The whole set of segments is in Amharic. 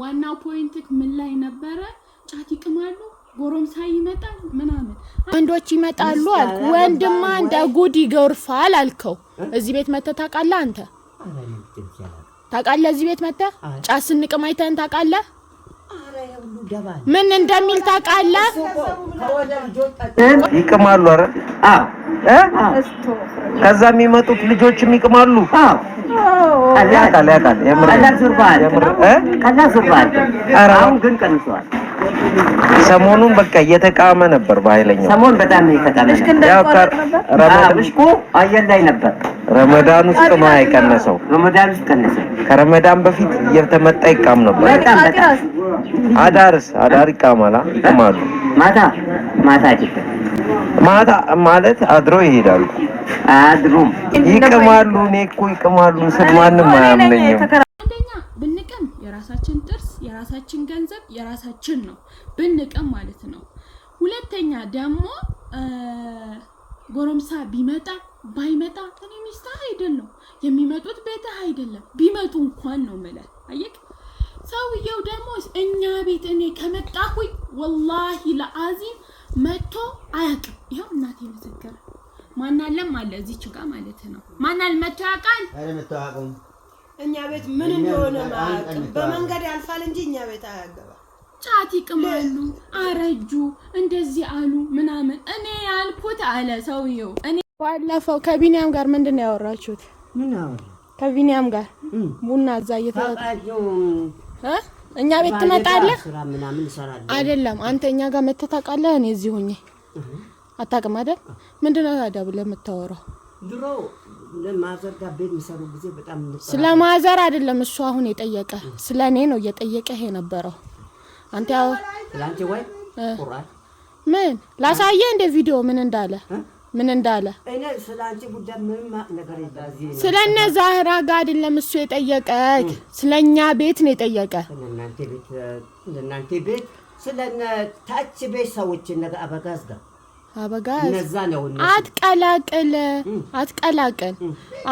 ዋናው ፖይንት ምን ላይ ነበረ? ጫት ይቅማሉ፣ ጎረምሳ ይመጣል ምናምን ወንዶች ይመጣሉ አልኩ። ወንድማ እንደ ጉድ ይጎርፋል አልከው። እዚህ ቤት መተ ታውቃለህ? አንተ ታውቃለህ? እዚህ ቤት መተ ጫት ስንቅም አይተን ታውቃለህ? ምን እንደሚል ታውቃለህ? ይቅማሉ። አረ ከዛ የሚመጡት ልጆችም ይቅማሉ። ያውቃል ያውቃል። አሁን ግን ቀንሷል። ሰሞኑን በቃ እየተቃመ ነበር በኃይለኛው ሰሞን በጣም እየተቃመ ነበር። አየር ላይ ነበር። ረመዳን ውስጥ ነው የቀነሰው። ረመዳን ውስጥ ቀነሰ። ከረመዳን በፊት እየተመጣ ይቃም ነበር በጣም በጣም አዳርስ አዳር ይቃማላ ይቃማሉ። ማታ ማታ ማታ ማለት አድሮ ይሄዳሉ። አድሩም ይቅማሉ። እኔ እኮ ይቅማሉ ስል ማንም አያምነኝም። አንደኛ ብንቅም የራሳችን ጥርስ፣ የራሳችን ገንዘብ የራሳችን ነው ብንቅም ማለት ነው። ሁለተኛ ደግሞ ጎረምሳ ቢመጣ ባይመጣ እኔ ሚስትህ አይደለም፣ የሚመጡት ቤትህ አይደለም። ቢመጡ እንኳን ነው የምልህ አየህ ሰውየው ደግሞ እኛ ቤት እኔ ከመጣሁኝ ወላሂ ለአዚም መጥቶ አያውቅም። ይኸው እናቴ መሰከረ። ማናለም አለ እዚች ጋር ማለት ነው። ማናል መጥቶ ያውቃል? እኛ ቤት ምን እንደሆነ አያውቅም። በመንገድ ያልፋል እንጂ እኛ ቤት አያገባ። ጫት ይቅማሉ፣ አረጁ፣ እንደዚህ አሉ ምናምን። እኔ ያልኩት አለ ሰውየው። እኔ ባለፈው ከቢኒያም ጋር ምንድን ነው ያወራችሁት? ምን አወራ? ከቢኒያም ጋር ቡና እዛ እየተጠጣ እኛ ቤት ትመጣለህ አይደለም? አንተ እኛ ጋር መተህ ታውቃለህ? እኔ እዚህ ሆኜ አታውቅም አይደል? ምንድን ነው ታዲያ ብለህ የምታወራው? ድሮ ለማዘር ጋር ቤት የሚሰሩ ጊዜ በጣም ስለ ማዘር አይደለም እሱ አሁን የጠየቀ ስለ እኔ ነው እየጠየቀ የነበረው። አንተ ያው ምን ላሳየህ እንደ ቪዲዮ ምን እንዳለ ምን እንዳለ ስለ እነ ዛህራ ጋ አይደለም እሱ የጠየቀክ፣ ስለ እኛ ቤት ነው የጠየቀ። ስለ ታች ቤት ሰዎች አበጋዝ ጋር አበጋዝ አትቀላቅል፣ አትቀላቅል።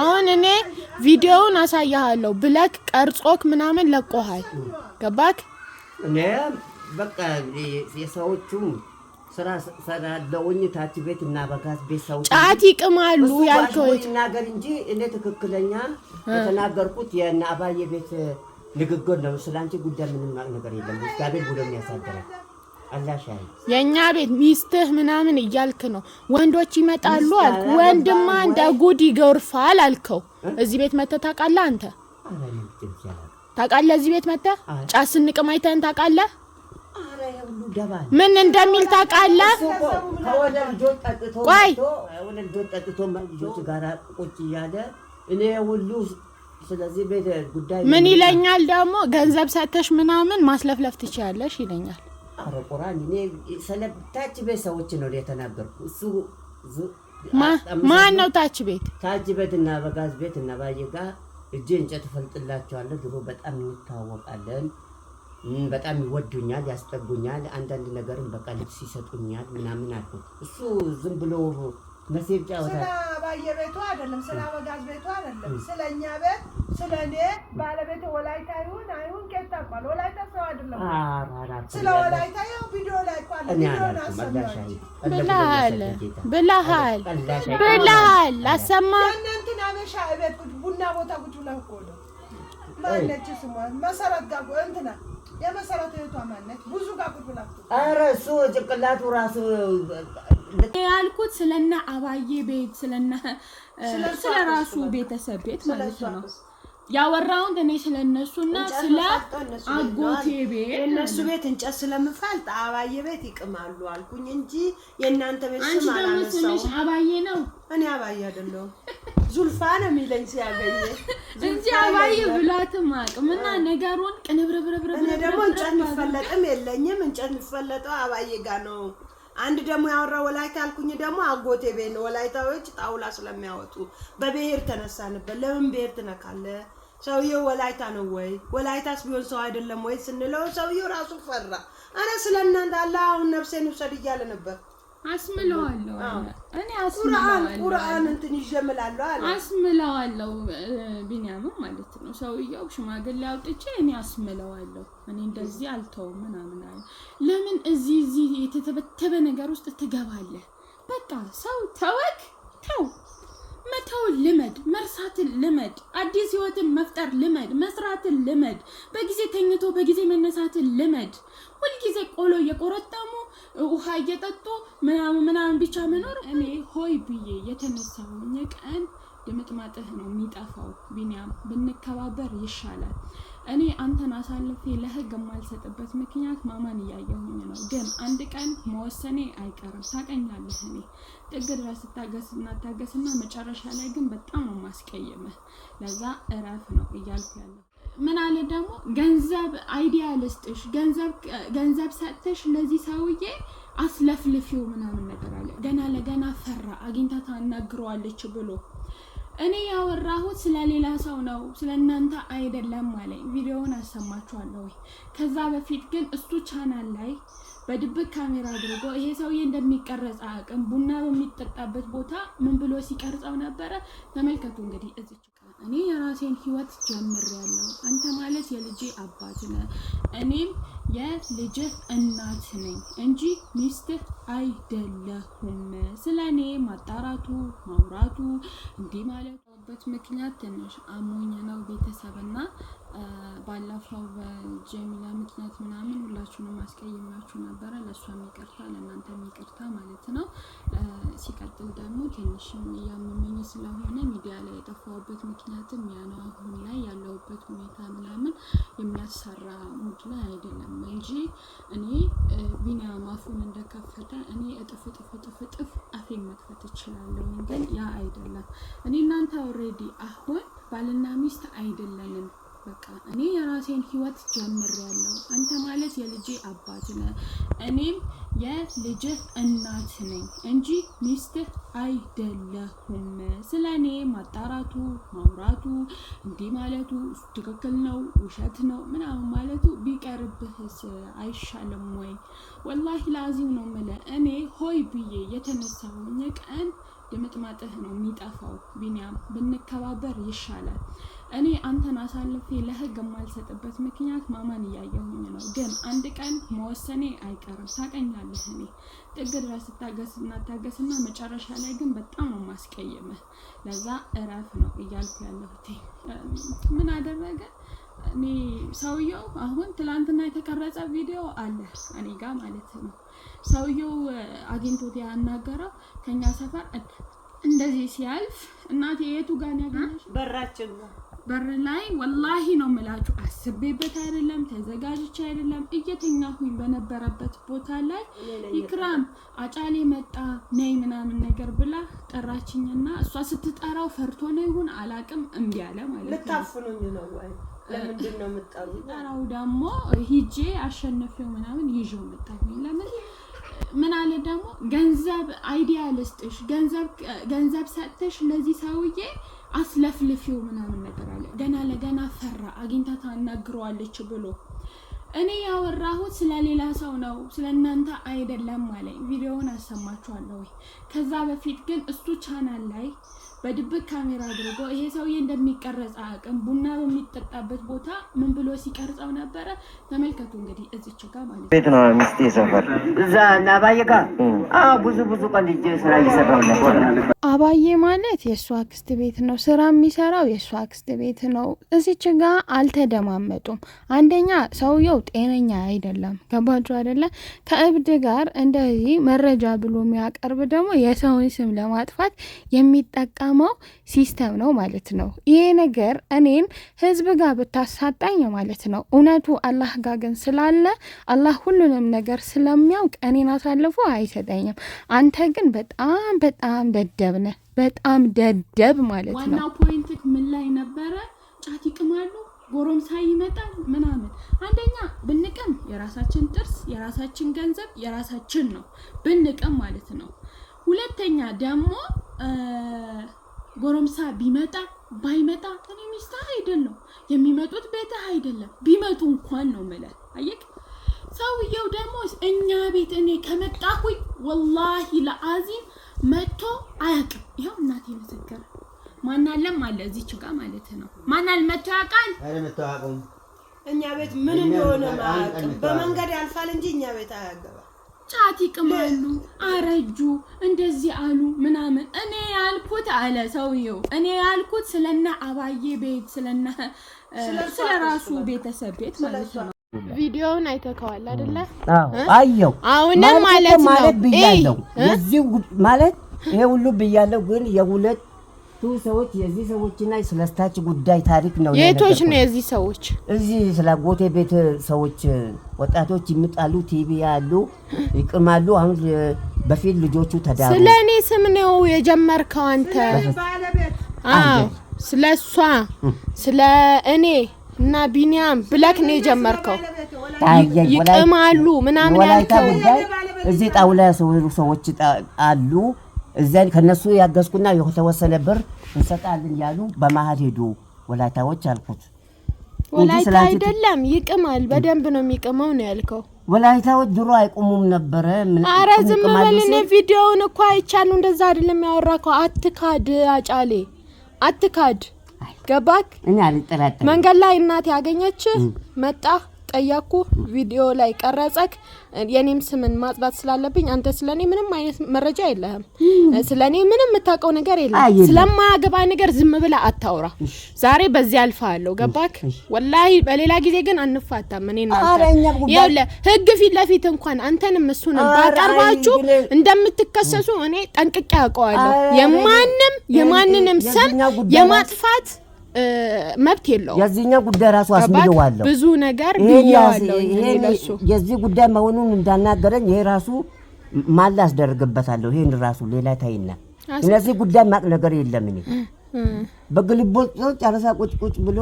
አሁን እኔ ቪዲዮውን አሳያሃለሁ ብለክ ቀርጾክ ምናምን ለቆሃል። ገባክ? እኔ በቃ የሰዎቹ ስራ ሰራለውኝ ታች ቤት እና በጋት ቤት ሰው ጫት ይቅማሉ ያልከው ይናገር እንጂ እኔ ትክክለኛ የተናገርኩት የአባዬ ቤት ንግግር ነው። ስላንቺ ጉዳይ ምንም ነገር የለም። እግዚአብሔር ብሎ የሚያሳደረው የእኛ ቤት ሚስትህ ምናምን እያልክ ነው። ወንዶች ይመጣሉ አልክ። ወንድማ እንደ ጉድ ይገርፋል አልከው። እዚህ ቤት መተህ ታውቃለህ? አንተ ታውቃለህ? እዚህ ቤት መተህ ጫት ስንቅም አይተህን ታውቃለህ? ምን እንደሚል ታውቃለህ? ቆይ ልጆች ጠጥቶ ልጆች ጋር ቁጭ እያለ እኔ ሁሉ ስለዚህ ቤት ጉዳይ ምን ይለኛል ደግሞ ገንዘብ ሰጥተሽ ምናምን ማስለፍለፍ ትችያለሽ ይለኛል። አረ ቁራን እኔ ሰለብታች ቤት ሰዎች ነው የተናገርኩ እሱ ማን ነው ታች ቤት ታች ቤት እና በጋዝ ቤት እና ባየጋ እጄ እንጨት ፈልጥላቸዋለሁ። ድሮ በጣም እንታወቃለን። በጣም ይወዱኛል፣ ያስጠጉኛል፣ አንዳንድ ነገርም በቃ ልብስ ይሰጡኛል ምናምን አልኩት። እሱ ዝም ብሎ መሴብ ጫወታ ስለ ባየ ቤቱ አይደለም፣ ስለ አበጋዝ ቤቱ አይደለም፣ ስለ እኛ ቤት፣ ስለ እኔ ባለቤት ወላይታ ይሁን አይሁን ቄት ወላይታ ሰው አይደለም። ስለ ወላይታ ያው ቪዲዮ ላይ ቋል ብለሃል ብለሃል። አሰማ እናንትን አበሻ ቤት ቡና ቦታ ቁጭ ብላ እኮ ነው ማነች ስሟ መሰረት ጋር እንትና ኧረ እሱ ጭቅላቱ ራሱ ያልኩት ስለና አባዬ ቤት ስለና ስለራሱ ቤተሰብ ቤት ማለት ነው። ያወራውን እኔ ስለ እነሱና ስለ አጎቴ ቤት የእነሱ ቤት እንጨት ስለምፈልጥ አባዬ ቤት ይቅማሉ አልኩኝ እንጂ የእናንተ ቤት ስም አላነሳሁም። አባዬ ነው፣ እኔ አባዬ አይደለሁም። ዙልፋ ነው የሚለኝ ሲያገኘ እንጂ አባዬ ብሏትም አቅም እና ነገሩን ቅንብርብርብር። እኔ ደግሞ እንጨት የሚፈለጥም የለኝም። እንጨት የሚፈለጠው አባዬ ጋር ነው። አንድ ደግሞ ያወራ ወላይታ ያልኩኝ ደግሞ አጎቴ ቤት ነው። ወላይታዎች ጣውላ ስለሚያወጡ በብሔር ተነሳንበት። ለምን ብሔር ትነካለ? ሰውየው ወላይታ ነው ወይ ወላይታስ ቢሆን ሰው አይደለም ወይ ስንለው ሰውየው ራሱ ፈራ። አረ ስለ እናንተ አላ አሁን ነፍሴን ውሰድ እያለ ነበር። አስምለዋለሁ እኔ ቁርአን እንትን ይጀምላለሁ አለ አስምለዋለሁ። ቢኒያምም ማለት ነው ሰውየው ሽማግሌ አውጥቼ እኔ አስምለዋለሁ። እኔ እንደዚህ አልተውም ምናምን አለ። ለምን እዚህ እዚህ የተተበተበ ነገር ውስጥ ትገባለህ? በቃ ሰው ተወክ ተው መተውን ልመድ፣ መርሳትን ልመድ፣ አዲስ ህይወትን መፍጠር ልመድ፣ መስራትን ልመድ፣ በጊዜ ተኝቶ በጊዜ መነሳትን ልመድ። ሁልጊዜ ቆሎ እየቆረጠሙ ውሃ እየጠጡ ምናምን ምናምን ብቻ መኖር እኔ ሆይ ብዬ የተነሳሁኝ ቀን ድምጥማጥህ ነው የሚጠፋው። ቢኒያም ብንከባበር ይሻላል። እኔ አንተን አሳልፌ ለህግ የማልሰጥበት ምክንያት ማማን እያየሁኝ ነው። ግን አንድ ቀን መወሰኔ አይቀርም። ታቀኛለህ። እኔ ጥግ ድረስ ስታገስ እናታገስና መጨረሻ ላይ ግን በጣም ነው ማስቀይምህ። ለዛ እረፍ ነው እያልኩ ያለሁ። ምን አለ ደግሞ ገንዘብ አይዲያ ልስጥሽ፣ ገንዘብ ሰጥተሽ ለዚህ ሰውዬ አስለፍልፊው ምናምን ነገር አለ። ገና ለገና ፈራ አግኝታ ታናግረዋለች ብሎ እኔ ያወራሁት ስለሌላ ሰው ነው ስለእናንተ አይደለም አለኝ። ቪዲዮውን አሰማችኋለሁ ከዛ በፊት ግን እሱ ቻናል ላይ በድብቅ ካሜራ አድርጎ ይሄ ሰውዬ እንደሚቀረጽ አቅም ቡና በሚጠጣበት ቦታ ምን ብሎ ሲቀርጸው ነበረ? ተመልከቱ እንግዲህ እዚህ እኔ የራሴን ህይወት ጀምሬያለሁ። አንተ ማለት የልጄ አባት ነህ። እኔም የልጅህ እናት ነኝ እንጂ ሚስትህ አይደለሁም። ስለ እኔ ማጣራቱ ማውራቱ እንዲህ ማለት ማለበት ምክንያት ትንሽ አሞኝ ነው ቤተሰብና ባለፈው በጀሚላ ምክንያት ምናምን ሁላችሁንም አስቀይማችሁ ነበረ። ለእሷም ይቅርታ፣ ለእናንተም ይቅርታ ማለት ነው። ሲቀጥል ደግሞ ትንሽም እያመመኝ ስለሆነ ሚዲያ ላይ የጠፋሁበት ምክንያትም ያ ነው። አሁን ላይ ያለሁበት ሁኔታ ምናምን የሚያሰራ ሙድ ላይ አይደለም እንጂ እኔ ቢኒያም አፉን እንደከፈተ እኔ እጥፍ እጥፍ እጥፍ እጥፍ አፌ መክፈት እችላለሁ፣ ግን ያ አይደለም። እኔ እናንተ ኦልሬዲ አሁን ባልና ሚስት አይደለንም። በቃ እኔ የራሴን ህይወት ጀምሬያለሁ። አንተ ማለት የልጄ አባት ነህ፣ እኔም የልጅህ እናት ነኝ እንጂ ሚስትህ አይደለሁም። ስለ እኔ ማጣራቱ፣ ማውራቱ፣ እንዲህ ማለቱ ትክክል ነው ውሸት ነው ምናምን ማለቱ ቢቀርብህስ አይሻልም ወይ? ወላሂ ላዚም ነው የምልህ እኔ ሆይ ብዬ የተነሳሁኝ ቀን ድምጥማጥህ ነው የሚጠፋው። ቢኒያም ብንከባበር ይሻላል። እኔ አንተን አሳልፌ ለህግ የማልሰጥበት ምክንያት ማማን እያየሁኝ ነው። ግን አንድ ቀን መወሰኔ አይቀርም። ታቀኛለህ። እኔ ጥግ ድረስ ስታገስ እናታገስና መጨረሻ ላይ ግን በጣም ነው ማስቀየምህ። ለዛ እረፍ ነው እያልኩ ያለሁት። ምን አደረገ? እኔ ሰውየው አሁን ትላንትና የተቀረጸ ቪዲዮ አለ እኔ ጋር ማለት ነው። ሰውየው አግኝቶት ያናገረው ከኛ ሰፈር እንደዚህ ሲያልፍ እናቴ የቱ ጋር ያገኘሽ? በራችን ነው በር ላይ ወላሂ ነው የምላችሁ፣ አስቤበት አይደለም ተዘጋጅቼ አይደለም እየተኛሁኝ በነበረበት ቦታ ላይ ኢክራም አጫሌ መጣ ነይ ምናምን ነገር ብላ ጠራችኝና እሷ ስትጠራው ፈርቶ ነው ይሁን አላቅም እምቢ አለ ማለት ነው። ልታፍኑኝ ጠራው ደግሞ ሂጄ አሸንፌው ምናምን ይዤው መጣሁኝ። ለምን ምን አለ ደግሞ ገንዘብ አይዲያ ልስጥሽ፣ ገንዘብ ሰጥተሽ ለዚህ ሰውዬ አስለፍልፊው ምናምን ነገር አለ። ገና ለገና ፈራ አግኝታ ታናግረዋለች ብሎ እኔ ያወራሁት ስለ ሌላ ሰው ነው ስለ እናንተ አይደለም አለኝ። ቪዲዮውን አሰማችኋለሁ። ከዛ በፊት ግን እሱ ቻናል ላይ በድብቅ ካሜራ አድርጎ ይሄ ሰውዬ እንደሚቀረጽ አቅም ቡና በሚጠጣበት ቦታ ምን ብሎ ሲቀርጸው ነበረ? ተመልከቱ እንግዲህ እዚች ጋር ማለት ቤት ነው ሚስቴ ሰፈር እዛ እና አባዬ ጋር ብዙ ብዙ ቀን ስራ እየሰራው ነበር። አባዬ ማለት የእሱ አክስት ቤት ነው ስራ የሚሰራው የእሱ አክስት ቤት ነው። እዚች ጋ አልተደማመጡም። አንደኛ ሰውየው ጤነኛ አይደለም። ገባችሁ አይደለም? ከእብድ ጋር እንደዚህ መረጃ ብሎ የሚያቀርብ ደግሞ የሰውን ስም ለማጥፋት የሚጠቀም የሚሰማው ሲስተም ነው ማለት ነው። ይሄ ነገር እኔን ህዝብ ጋር ብታሳጣኝ ማለት ነው። እውነቱ አላህ ጋር ግን ስላለ አላህ ሁሉንም ነገር ስለሚያውቅ እኔን አሳልፎ አይሰጠኝም። አንተ ግን በጣም በጣም ደደብ ነህ፣ በጣም ደደብ ማለት ነው። ዋና ፖይንት ምን ላይ ነበረ? ጫት ይቅማሉ፣ ጎረምሳ ይመጣል ምናምን። አንደኛ ብንቅም የራሳችን ጥርስ፣ የራሳችን ገንዘብ፣ የራሳችን ነው ብንቅም ማለት ነው። ሁለተኛ ደግሞ ጎረምሳ ቢመጣ ባይመጣ እኔ ሚስትህ አይደለም፣ የሚመጡት ቤትህ አይደለም። ቢመጡ እንኳን ነው የምልህ። አየህ ሰውየው ደግሞ እኛ ቤት እኔ ከመጣሁኝ ወላሂ ለአዚም መጥቶ አያውቅም። ይኸው እናቴ ምስክር ማናለም አለ እዚች ጋር ማለት ነው። ማናል መጥቶ ያውቃል? እኛ ቤት ምን እንደሆነ ማያውቅም። በመንገድ ያልፋል እንጂ እኛ ቤት አያገባም። ጫት ይቅማሉ፣ አረጁ፣ እንደዚህ አሉ ምናምን። እኔ ያልኩት አለ ሰውየው፣ እኔ ያልኩት ስለነ አባዬ ቤት ስለነ ስለ ራሱ ቤተሰብ ቤት ማለት ነው። ቪዲዮውን አይተከዋል አይደለ? አየው። አሁንም ማለት ነው ማለት ብያለሁ፣ እዚህ ማለት ይሄ ሁሉ ብያለሁ፣ ግን የሁለት ሰዎች የዚህ ሰዎችና ስለስታች ጉዳይ ታሪክ ነው። የቶች ነው የዚህ ሰዎች እዚህ ስላጎቴ ቤት ሰዎች ወጣቶች ይምጣሉ፣ ቲቪ ያሉ ይቅማሉ። አሁን በፊት ልጆቹ ተዳሩ። ስለ እኔ ስም ነው የጀመርከው አንተ። አዎ ስለ እሷ ስለ እኔ እና ቢኒያም ብለክ ነው የጀመርከው። ይቅማሉ ምናምን ያልከው እዚህ ጣውላ ሰዎች አሉ እዚያ ከነሱ ያገዝኩና የተወሰነ ብር እንሰጣለን ያሉ በመሀል ሄዱ ወላይታዎች አልኩት። ወላይታ አይደለም ይቅማል፣ በደንብ ነው የሚቅመው ነው ያልከው። ወላይታዎች ድሮ አይቁሙም ነበረ። አረ ዝም በል፣ እኔ ቪዲዮውን እኮ አይቻሉ። እንደዛ አይደለም ያወራከው። አትካድ አጫሌ፣ አትካድ ገባክ? መንገድ ላይ እናት ያገኘች መጣ ስለተጠየቅኩ ቪዲዮ ላይ ቀረጸክ የኔም ስምን ማጥባት ስላለብኝ አንተ ስለኔ ምንም አይነት መረጃ የለህም። ስለኔ ምንም የምታውቀው ነገር የለም። ስለማያገባ ነገር ዝም ብላ አታውራ። ዛሬ በዚህ አልፋ አለው ገባክ? ወላሂ በሌላ ጊዜ ግን አንፋታም። እኔ ህግ ፊት ለፊት እንኳን አንተንም እሱንም ባቀርባችሁ እንደምትከሰሱ እኔ ጠንቅቄ አውቀዋለሁ። የማንም የማንንም ስም የማጥፋት መብት የለውም። የዚህኛ ጉዳይ ራሱ አስምለዋለሁ ብዙ ነገር የዚህ ጉዳይ መሆኑን እንዳናገረኝ ይሄ ራሱ ማላ አስደርግበታለሁ። ይሄን ራሱ ሌላ ታይና ስለዚህ ጉዳይ ማቅ ነገር የለም። እኔ በግልቦት ጨረሳ ቁጭ ቁጭ ብሎ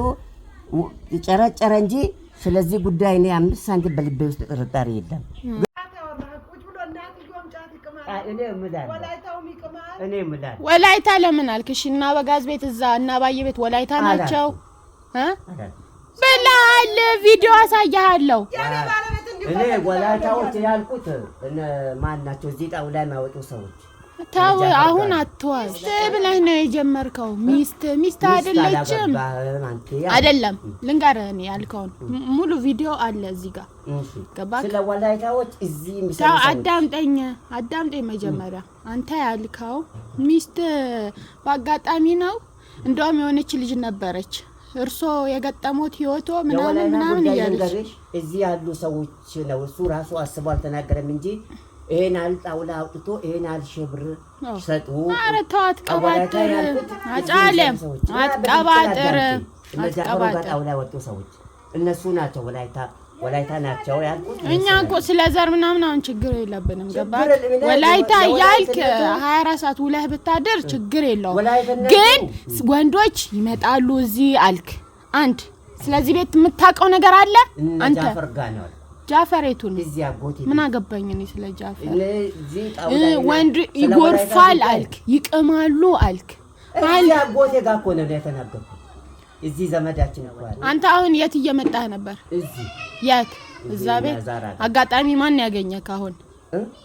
ጨረጨረ እንጂ ስለዚህ ጉዳይ እኔ አምስት ሳንቲም በልቤ ውስጥ ጥርጣሬ የለም። ወላይታ ለምን አልክ? እሺ እና በጋዝ ቤት እዛ እና ባየ ቤት ወላይታ ናቸው። ብላል ቪዲዮ አሳያለሁ። እኔ ወላይታዎች ያልኩት ማን ናቸው? እዚህ ጣውላ የሚያወጡ ሰዎች ተው አሁን አትዋል። ሚስት ብለህ ነው የጀመርከው። ሚስት ሚስት አይደለችም። አይደለም ልንገርህ፣ እኔ ያልከውን ሙሉ ቪዲዮ አለ እዚህ ጋር ገባ። ገባህ? ተው አዳምጠኝ፣ አዳምጠኝ መጀመሪያ። አንተ ያልከው ሚስት በአጋጣሚ ነው። እንደውም የሆነች ልጅ ነበረች እርሶ የገጠሞት ህይወቶ ምናምን ምናምን እያለች እዚህ ያሉ ሰዎች ነው እሱ ራሱ አስቦ አልተናገረም እንጂ ይሄን አልጣውላ አውጥቶ ይሄን አልሽብር ሰጡ። ኧረ ተው አትቀባጥር፣ አጫለም አትቀባጥር። እነዚህ አብረው በጣውላ ወጡ ሰዎች እነሱ ናቸው ወላይታ ወላይታ ናቸው ያልኩት። እኛ እኮ ስለ ዘር ምናምን አሁን ችግር የለብንም። ገባ ወላይታ እያልክ ሀያ አራት ሰዓት ውለህ ብታደር ችግር የለውም። ግን ወንዶች ይመጣሉ እዚህ አልክ አንድ። ስለዚህ ቤት የምታውቀው ነገር አለ አንተ ነው ጃፈሬቱን ምን አገባኝ እኔ ስለ ጃፈር። ወንድ ይጎርፋል አልክ፣ ይቅማሉ አልክ። አጎቴ ጋር እኮ ነው የተናገርኩት። እዚህ ዘመዳችን አንተ አሁን የት እየመጣህ ነበር? የት እዛ ቤት አጋጣሚ ማን ያገኘ ካሁን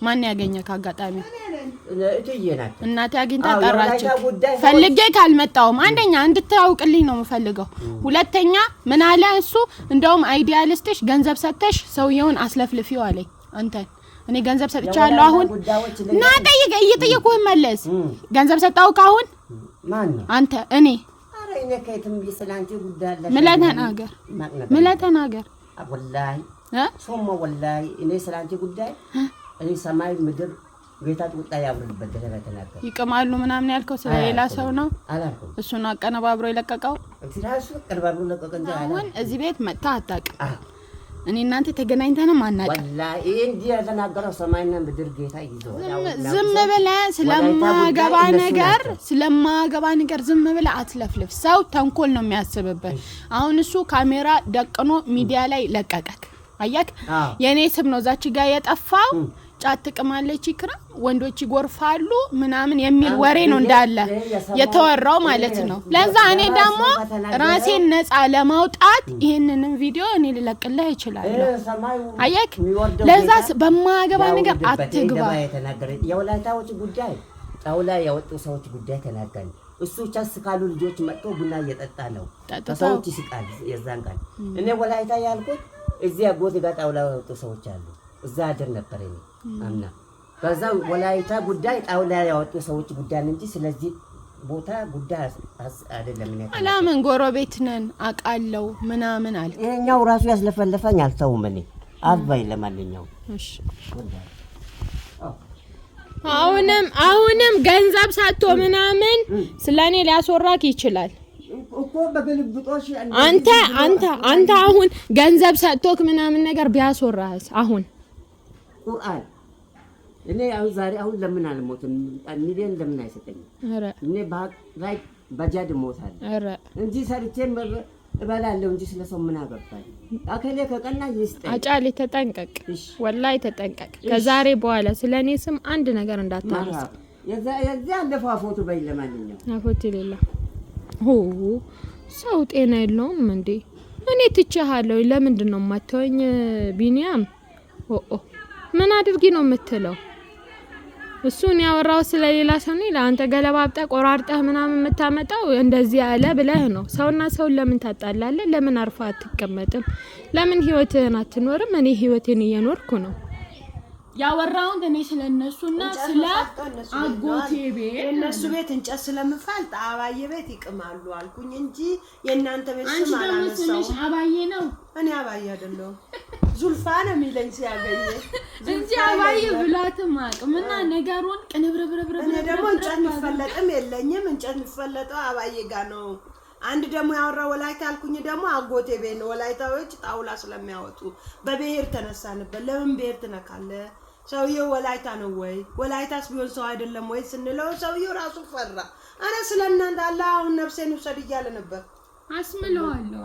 ማን ያገኘ ከአጋጣሚ እናቴ አግኝታ ጠራችኝ። ፈልጌ ካልመጣውም አንደኛ እንድታውቅልኝ ነው የምፈልገው። ሁለተኛ ምን አለ እሱ እንደውም አይዲያልስትሽ ገንዘብ ሰጥተሽ ሰውየውን አስለፍልፊው አለኝ። አንተ እኔ ገንዘብ ሰጥቻለሁ። አሁን እና ጠይቀ እየጠየኩህን መለስ። ገንዘብ ሰጣው ካሁን አንተ እኔ ምለተናገር ምለተናገር ምለ ወላሂ ሶማ ወላሂ እኔ ስላንቺ ጉዳይ እኔ ሰማይ ምድር ጌታ ቁጣ ያብርበት ተናገር ይቅማሉ ምናምን ያልከው ስለሌላ ሰው ነው አላልኩም። እሱን አቀነባብሮ የለቀቀው ራሱ አቀነባብሮ ለቀቀ እንጂ አሁን እዚህ ቤት መጥታ አታውቅም። እኔ እናንተ ተገናኝተንም አናውቅም። ወላሂ እንዲህ የተናገረው ሰማይና ምድር ጌታ ይዞ ዝም ብለህ ስለማገባ ነገር ስለማገባ ነገር ዝም ብለህ አትለፍልፍ። ሰው ተንኮል ነው የሚያስብበት። አሁን እሱ ካሜራ ደቅኖ ሚዲያ ላይ ለቀቀክ። አያክ የእኔ ስም ነው እዛች ጋር የጠፋው ጫት ትቅማለች ይክራ ወንዶች ይጎርፋሉ ምናምን የሚል ወሬ ነው እንዳለ የተወራው ማለት ነው። ለዛ እኔ ደግሞ ራሴን ነፃ ለማውጣት ይህንንም ቪዲዮ እኔ ልለቅልህ እችላለሁ። አየክ፣ ለዛ በማያገባ ነገር አትግባ። የወላይታዎች ጉዳይ ጣውላ የወጡ ሰዎች ጉዳይ ተናገርን። እሱ ቻስ ካሉ ልጆች መጥቶ ቡና እየጠጣ ነው ሰዎች ይስቃል። የዛን ቃል እኔ ወላይታ ያልኩት እዚያ ጎት ጋር ጣውላ ያወጡ ሰዎች አሉ እዛ አድር ነበር እኔ አምና በዛ ወላይታ ጉዳይ ጣውላ ያወጡ ሰዎች ጉዳይ እንጂ ስለዚህ ቦታ ጉዳይ አይደለም። እኔ ጎረቤት ነን አቃለው ምናምን አለ። ይሄኛው ራሱ ያስለፈለፈኝ አልተውም። እኔ አባይ ለማንኛውም አሁንም አሁንም ገንዘብ ሰጥቶ ምናምን ስለኔ ሊያስወራክ ይችላል አንተ አንተ አንተ አሁን ገንዘብ ሰጥቶክ ምናምን ነገር ቢያስወራህስ አሁን ቁርአን እኔ አሁን ዛሬ አሁን ለምን አልሞትም? ሚሊዮን ለምን አይሰጠኝም? እኔ ላይ በጃድ እሞታለሁ እንጂ ሰርቼ እበላለሁ እንጂ ስለሰው ምን አገባኝ? አከሌ ከቀና ይስጠኝ። አጫሌ ተጠንቀቅ፣ ወላይ ተጠንቀቅ። ከዛሬ በኋላ ስለ እኔ ስም አንድ ነገር እንዳታነሳ። የዚያ አለፈው አፎቱ በይ። ለማንኛውም አፎት የሌላ ሰው ጤና የለውም እንዴ? እኔ ትቼሃለሁ። ለምንድን ነው የማትወኝ ቢኒያም? ምን አድርጊ ነው የምትለው? እሱን ያወራው ስለሌላ ሰው ነው። ለአንተ ገለባብጠህ ቆራርጠህ ምናምን የምታመጣው እንደዚህ ያለ ብለህ ነው። ሰውና ሰውን ለምን ታጣላለህ? ለምን አርፋ አትቀመጥም? ለምን ህይወትህን አትኖርም? እኔ ህይወቴን እየኖርኩ ነው። ያወራውን እኔ ስለነሱና ስለ አጎቴ ቤት የእነሱ ቤት እንጨት ስለምፈልጥ አባዬ ቤት ይቅማሉ አልኩኝ እንጂ የእናንተ ቤት ስም አላነሳው። አባዬ ነው፣ እኔ አባዬ አይደለሁም። ዙልፋ ነው የሚለኝ ሲያገኘ እንጂ አባዬ ብሏትም አቅም እና ነገሩን ቅንብርብርብር። እኔ ደግሞ እንጨት የሚፈለጥም የለኝም። እንጨት የሚፈለጠው አባዬ ጋር ነው። አንድ ደግሞ ያወራው ወላይታ አልኩኝ። ደግሞ አጎቴ ቤት ነው። ወላይታዎች ጣውላ ስለሚያወጡ በብሔር ተነሳንበት። ለምን ብሔር ትነካለህ? ሰውየው ወላይታ ነው ወይ ወላይታስ ቢሆን ሰው አይደለም ወይ ስንለው ሰውየው ራሱ ፈራ። አረ ስለ አለ አሁን ነፍሴን ውሰድ እያለ ነበር። አስምለዋለሁ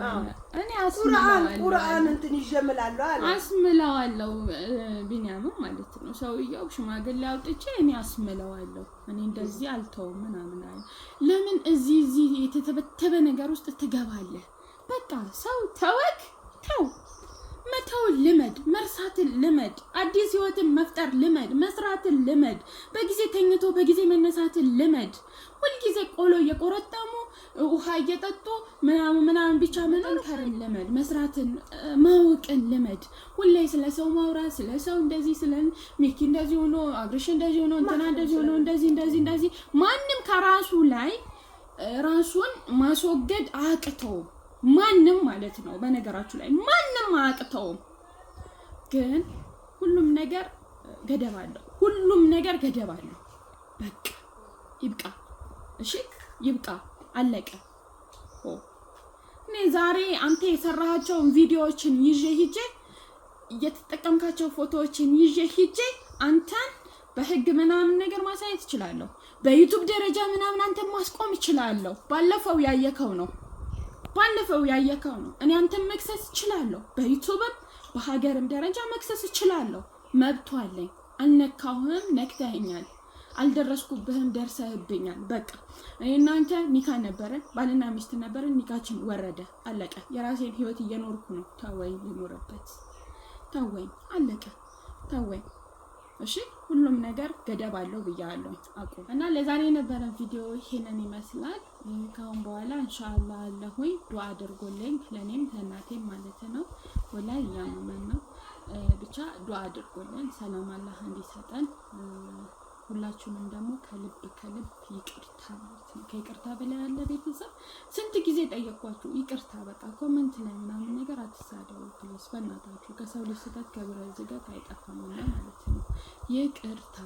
እኔ ቁርአን ቁርአን እንትን ይጀምላለሁ አለ አስምለዋለሁ። ቢኒያምም ማለት ነው ሰውየው ሽማግሌ አውጥቼ እኔ አስምለዋለሁ። እኔ እንደዚህ አልተውም ምናምን አለ። ለምን እዚህ እዚህ የተተበተበ ነገር ውስጥ ትገባለህ? በቃ ሰው ተወክ ተው መተውን ልመድ፣ መርሳትን ልመድ፣ አዲስ ህይወትን መፍጠር ልመድ፣ መስራትን ልመድ፣ በጊዜ ተኝቶ በጊዜ መነሳትን ልመድ። ሁልጊዜ ቆሎ እየቆረጠሙ ውሃ እየጠጡ ምናምን ምናምን ብቻ መጠንከርን ልመድ፣ መስራትን ማወቅን ልመድ። ሁሌ ስለ ሰው ማውራት፣ ስለ ሰው እንደዚህ ስለ ሚኪ እንደዚህ ሆኖ አብርሽ እንደዚህ ሆኖ እንትና እንደዚህ ሆኖ እንደዚህ እንደዚህ እንደዚህ ማንም ከራሱ ላይ ራሱን ማስወገድ አቅተው ማንም ማለት ነው። በነገራችሁ ላይ ማንም አያቅተውም፣ ግን ሁሉም ነገር ገደብ አለው። ሁሉም ነገር ገደብ አለው። በቃ ይብቃ፣ እሺ ይብቃ፣ አለቀ። እኔ ዛሬ አንተ የሰራሃቸውን ቪዲዮዎችን ይዤ ሂጄ የተጠቀምካቸው ፎቶዎችን ይዤ ሂጄ አንተን በህግ ምናምን ነገር ማሳየት እችላለሁ። በዩቱብ ደረጃ ምናምን አንተን ማስቆም እችላለሁ። ባለፈው ያየከው ነው። ባለፈው ያየከው ነው። እኔ አንተን መክሰስ እችላለሁ፣ በዩቱብም በሀገርም ደረጃ መክሰስ እችላለሁ። መብቱ አለኝ። አልነካሁህም፣ ነክተኸኛል። አልደረስኩብህም፣ ደርሰህብኛል። በቃ እኔ እናንተ ኒካ ነበረን፣ ባልና ሚስት ነበረን። ኒካችን ወረደ፣ አለቀ። የራሴን ህይወት እየኖርኩ ነው። ተወኝ፣ ልኖርበት። ተወኝ፣ አለቀ። ተወኝ። እሺ ሁሉም ነገር ገደብ አለው ብያለሁ። አቁ እና ለዛሬ የነበረን ቪዲዮ ይሄንን ይመስላል። ከአሁን በኋላ እንሻላ አለሁኝ ዱአ አድርጎልኝ ለእኔም ለእናቴም ማለት ነው። ወላይ እያመመን ነው። ብቻ ዱአ አድርጎልን ሰላም አላህ እንዲሰጠን ሁላችሁንም ደግሞ ከልብ ከልብ ይቅርታ ማለት ነው። ከይቅርታ በላይ ያለ ቤተሰብ ስንት ጊዜ ጠየኳችሁ። ይቅርታ በቃ ኮመንት ላይ ምናምን ነገር አትሳደቡ ፕሊዝ፣ በእናታችሁ ከሰው ልጅ ስህተት ከብረት ዝገት አይጠፋምና ማለት ነው። ይቅርታ